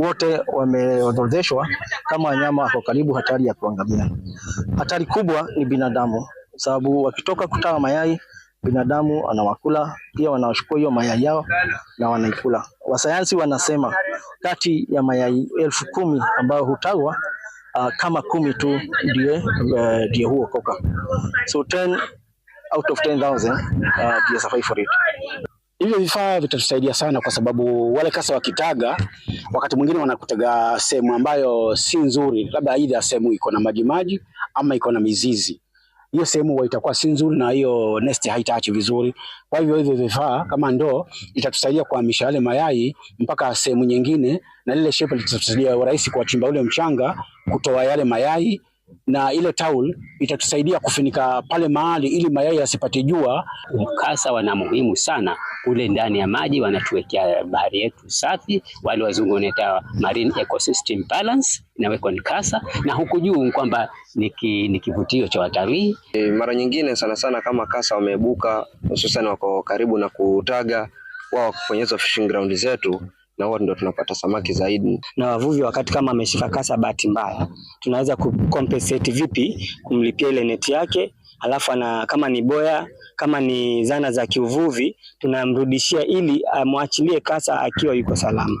wote wameorodheshwa kama wanyama wako karibu hatari ya kuangamia. Hatari kubwa ni binadamu, sababu wakitoka kutaa mayai binadamu anawakula, pia wanachukua hiyo mayai yao na wanaikula. Wasayansi wanasema kati ya mayai elfu kumi ambayo hutagwa uh, kama kumi tu ndiye uh, ndiye huokoka, so 10 out of 10000 uh, ah, ndiye survive for it. Hivyo vifaa vitatusaidia sana kwa sababu wale kasa wakitaga, wakati mwingine wanakutaga sehemu ambayo si nzuri, labda aidha sehemu iko na maji maji ama iko na mizizi. Hiyo sehemu huwa itakuwa si nzuri na hiyo nesti haitaachi vizuri. Kwa hivyo hivyo vifaa kama ndoo itatusaidia kuhamisha yale mayai mpaka sehemu nyingine, na lile shepe litatusaidia urahisi kuwachimba ule mchanga, kutoa yale mayai na ile taul itatusaidia kufunika pale mahali ili mayai yasipate jua. Mkasa wana muhimu sana kule ndani ya maji, wanatuwekea bahari yetu safi, wale wazungu wanaita marine ecosystem balance, inawekwa nikasa na huku juu kwamba ni kivutio cha watalii. E, mara nyingine sana sana kama kasa wameibuka, hususan wako karibu na kutaga, wao hizo fishing ground zetu na huwa ndio tunapata samaki zaidi. Na wavuvi wakati kama ameshika kasa bahati mbaya, tunaweza ku vipi kumlipia ile neti yake, alafu ana kama ni boya kama ni zana za kiuvuvi tunamrudishia ili amwachilie kasa akiwa yuko salama.